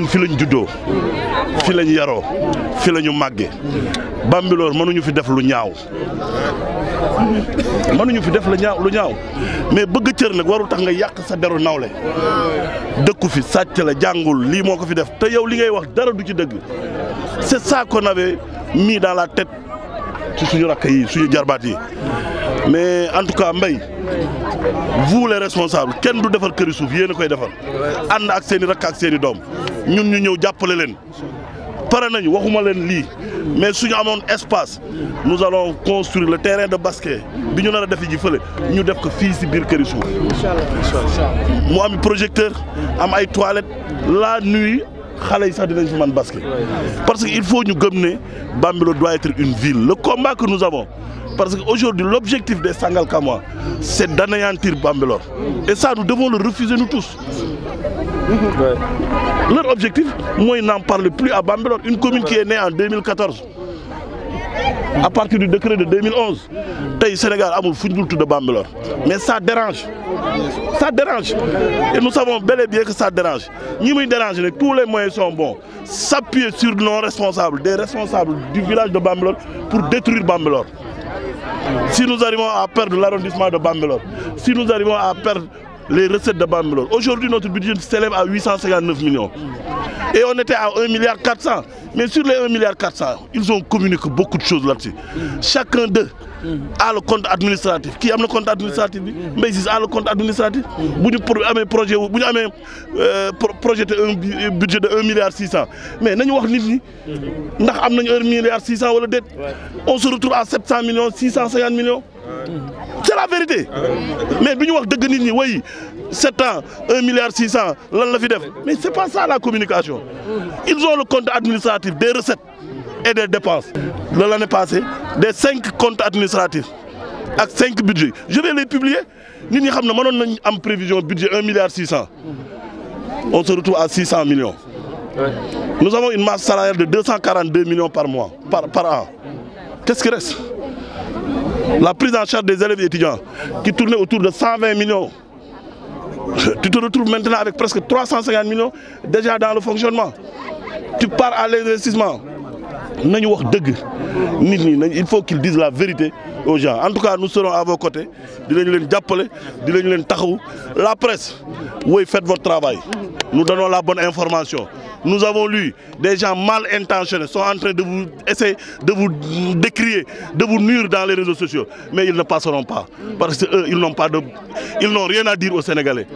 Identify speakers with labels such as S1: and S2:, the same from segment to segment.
S1: ñun fi lañ juddoo fi lañ yaroo fi lañu màgge Bambilor mënuñu fi def lu ñaaw mënuñu fi def la ñaaw lu ñaaw mais bëgg cër nag warul tax nga yàq sa deru nawle dëkku fi sàcc la jàngul lii moo ko fi def te yow li ngay wax dara du ci dëgg c'est ça qu'on avait mis dans la tête ci suñu rakk yi jarbaat yi mais en tout cas vous les responsables qui du que këri souf yéen koy defal and ak seni rak ak seni Nous ñun ñu ñew jàppale len paré nañ waxuma mais suñu un espace nous allons construire le terrain de basket Nous ñu nar a defe ji fële ñu def ko fi ci bir këri souf projecteur am ay toilettes la nuit xale sax dinañ fi basket parce qu'il faut nous gëm que Bambilo doit être une ville le combat que nous avons parce qu'aujourd'hui, l'objectif des Sangal Kamwa, c'est d'anéantir Bambelor. Et ça, nous devons le refuser, nous tous. Leur objectif, moi, ils n'en parlent plus à Bambelor, une commune qui est née en 2014. À partir du décret de 2011, Taï Sénégal a tout de Bambelor. Mais ça dérange. Ça dérange. Et nous savons bel et bien que ça dérange. Ni me dérange, tous les moyens sont bons. S'appuyer sur nos responsables, des responsables du village de Bambelor, pour détruire Bambelor si nous arrivons à perdre l'arrondissement de Bambelor, si nous arrivons à perdre les recettes de Bambelor, aujourd'hui notre budget s'élève à 859 millions. Et on était à 1 milliard 400. Mais sur les 1,4 milliard, ils ont communiqué beaucoup de choses là-dessus. Chacun d'eux a le compte administratif. Qui a le compte administratif euh, Mais ils ont le compte administratif. Vous avez un projet, de un budget de 1,6 milliard. Mais nous avons dit nous avons 1,6 milliard dette. On se retrouve à 700 millions, 650 millions. C'est la vérité. Mais nous avons dit oui, 7 ans, 1,6 milliard, mais ce n'est pas ça la communication. Ils ont le compte administratif des recettes et des dépenses de l'année passée, des 5 comptes administratifs avec 5 budgets. Je vais les publier. Nous avons en prévision budget 1,6 milliard. On se retrouve à 600 millions. Nous avons une masse salariale de 242 millions par mois, par, par an. Qu'est-ce qui reste La prise en charge des élèves et étudiants qui tournait autour de 120 millions. Tu te retrouves maintenant avec presque 350 millions déjà dans le fonctionnement tu pars à l'investissement il faut qu'ils disent la vérité aux gens en tout cas nous serons à vos côtés la presse oui faites votre travail nous donnons la bonne information nous avons lu des gens mal intentionnés sont en train de vous essayer de vous décrier, de vous nuire dans les réseaux sociaux. Mais ils ne passeront pas. Parce qu'ils ils n'ont pas de. Ils n'ont rien à dire aux Sénégalais.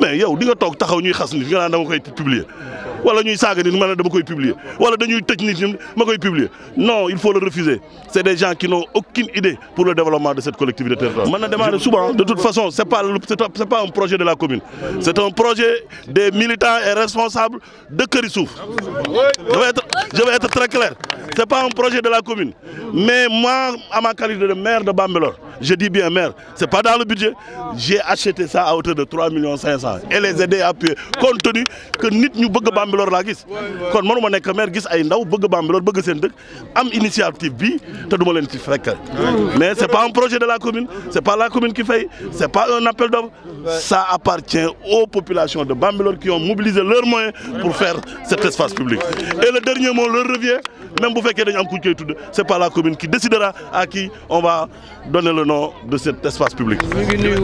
S1: mais wala ñuy publier publier non il faut le refuser c'est des gens qui n'ont aucune idée pour le développement de cette collectivité hein. de toute façon c'est pas pas un projet de la commune c'est un projet des militants et responsables de Kérissouf je vais être je vais être très clair c'est pas un projet de la commune mais moi à ma qualité de maire de Bambelor, je dis bien maire c'est pas dans le budget j'ai acheté ça à hauteur de 3 millions et les aider à payer. compte tenu que nous ñu bëgg Bambilor ce c'est pas un projet de la commune c'est pas la commune qui fait c'est pas un appel d'offres ça appartient aux populations de Bambilor qui ont mobilisé leurs moyens pour faire cet espace public et le dernier mot leur revient même bu qu'il dañu am kuñ koy ce c'est pas la commune qui décidera à qui on va donner le nom de cet espace public
S2: bienvenue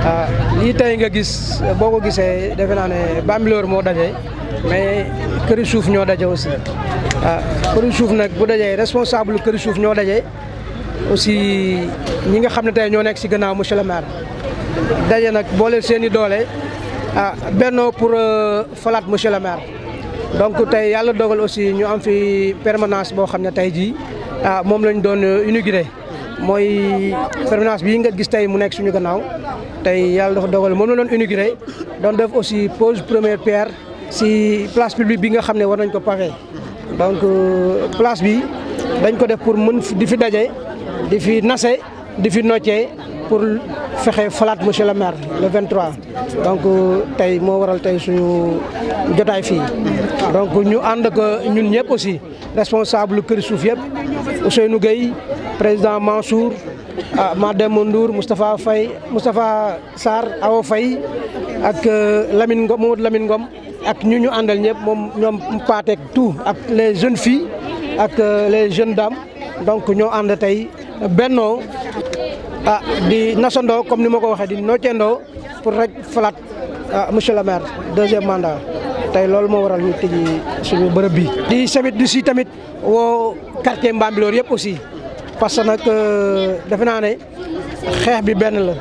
S2: Ah, lii tey nga gis boo ko gisee defe naa ne Bambilor moo daje mais këri suuf ñoo daje aussi ah, suuf nag bu dajee responsable këri suuf ñoo daje aussi ñi nga xam ne tey ñoo nekk si gannaaw monsieur le maire daje nag boole seen i doole a ah, benn pour euh, falaat monsieur le maire donc tey yàlla dogal aussi ñu am fi permanence boo xam ne tey jii a moom lañ doon euh, inauguré mooy permanence bii nga gis tey mu nekk suñu gannaaw tay yalla dafa dogal mom la doon inaugurer doon def aussi pose première pierre si place publique bi nga xam war nañ ko paré donc euh, place bi dañ ko def pour mën di fi dajé di fi nassé di fi noccé pour fexé flat monsieur le maire le 23 donc euh, tay mo waral tay suñu jotay fi donc ñu and ak ñun ñëpp aussi responsable keur souf yépp Ousseynou Gueye président Mansour ah Mademba Ndour Moustapha Faye Moustapha Sarr aw Faye ak euh, Lamine Ngom Mamadou Lamine Ngom ak ñu ñu àndal ñëpp moom ñoom paateek tout ak les jeunes filles ak euh, les jeunes dames donc ñoo ànd tey bennoo ah di nasandoo comme ni ma ko waxee di noccendoo pour rek falaat ah, monsieur le maire deuxième mandat tey loolu moo waral ñu tëji suñu bërëb bi di samit du si tamit woo quartier Mbambilor yëpp aussi parce que nag euh, defe naa ne xeex bi benn la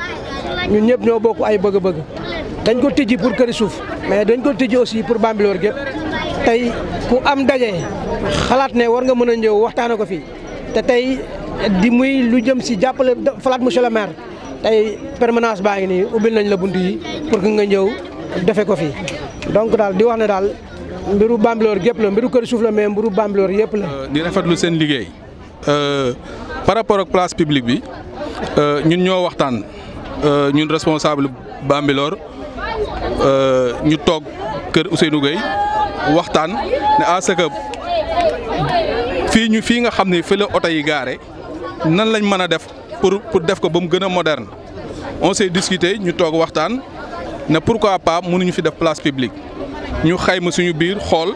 S2: ñun ñëpp ñoo bokk ay bëgg-bëgg dañ ko tijji pour këri suuf mais dañ ko tijji aussi pour bambiloor gépp tey ku am daje xalaat ne war nga mën a ñëw waxtaana ko fii te tey di muy lu jëm si jàppale falaat monsieur le maire tey permanence baa ngi nii ubbil nañ la bunt yi pour que nga ñëw defe ko fii donc daal di wax ne daal mbiru Bambilor gépp la mbiru këri suuf la mais mbiru Bambilor yëpp la.
S3: di rafetlu seen liggéey. Euh, par rapport ak place publique bi euh, ñun ñoo waxtaan euh, ñun responsable Bambilor ñu toog kër Ousseynou Gueye waxtaan ne à ce que fii ñu fii nga xam ne fi la oto yi gaare nan lañ mën def pour pour def ko ba mu gën on s'est discuté ñu toog waxtaan ne pourquoi pas mënuñu fi def place publique ñu xayma suñu biir xool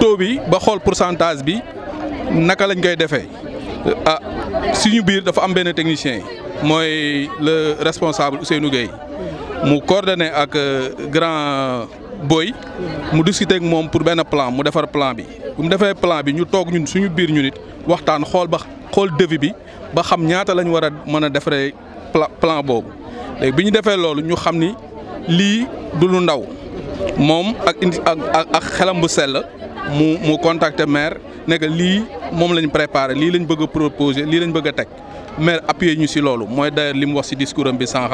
S3: taux bi ba xool pourcentage bi. naka lañ koy defee a ah, suñu biir dafa am benn technicien yi mooy le responsable Ousseynou Gueye mu coordonné ak euh, grand booy mu discuter moom pour benn plan mu defar plan bi bu mu defee plan bi ñu toog ñun suñu biir ñu nit waxtaan xool ba xool devis bi ba xam ñaata lañ war a mën a defaree plan boobu léegi bi ñu defee loolu ñu xam ni lii du lu ndaw moom ak indi ak ak xelam bu sell mu mu contacter maire. ne que lii moom lañ préparé lii lañ bëgg a proposé lii lañ bëgg a teg maire appuyé ñu si loolu mooy d'ailleurs li mu wax si discours am bi sànq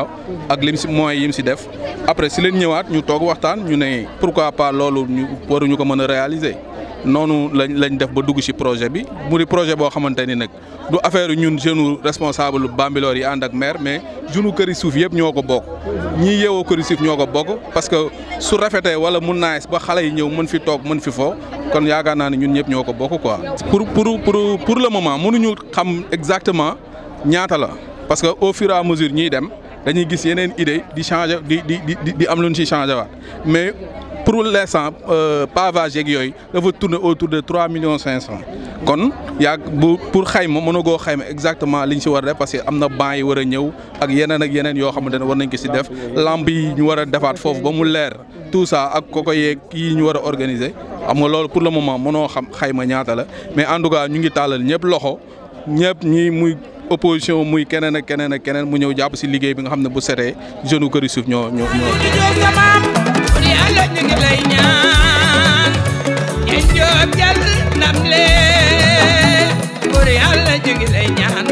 S3: ak lim si moyens yi mu si def après si leen ñëwaat ñu toog waxtaan ñu ne pourquoi pas loolu ñu waruñu ko mën a réaliser. noonu lañ lañ def ba dugg ci projet bi mu di projet boo xamante ni nag du affaire ñun jeune responsable Bambilor yi ànd ak maire mais jeune këri suuf yëpp ñoo ko bokk ñii yeewoo këri suuf ñoo ko bokk parce que su rafetee wala mun naa ba xale yi ñëw mën fi toog mën fi foo kon yaakaar naa ne ñun ñëpp ñoo ko bokk quoi. pour pour pour pour le moment mënuñu xam exactement ñaata la parce que au fur et à mesure ñuy dem. dañuy gis yeneen idée di changer di di di di am lu ñu si changer waat mais pour l' instant euh, pavage yeeg yooyu dafa tourner autour de trois millions cinq cent. kon yaa bu pour xayma mën a goo xayma exactement li ñu si war a def parce que am na banc yi war a ñëw ak yeneen ak yeneen yoo xamante ne war nañ ko si def lamp yi ñu war a defaat foofu ba mu leer tout ça ak koko yeeg yi ñu war a organiser xam nga loolu pour le moment mënoo xam xayma ñaata la mais en tout cas ñu ngi tàllal ñëpp loxo ñëpp ñi opposition muy keneen ak keneen ak keneen mu ñëw jàpp si liggéey bi nga xam ne bu setee jeune u Keur Youssouf ñoo ñoo
S2: ñoo.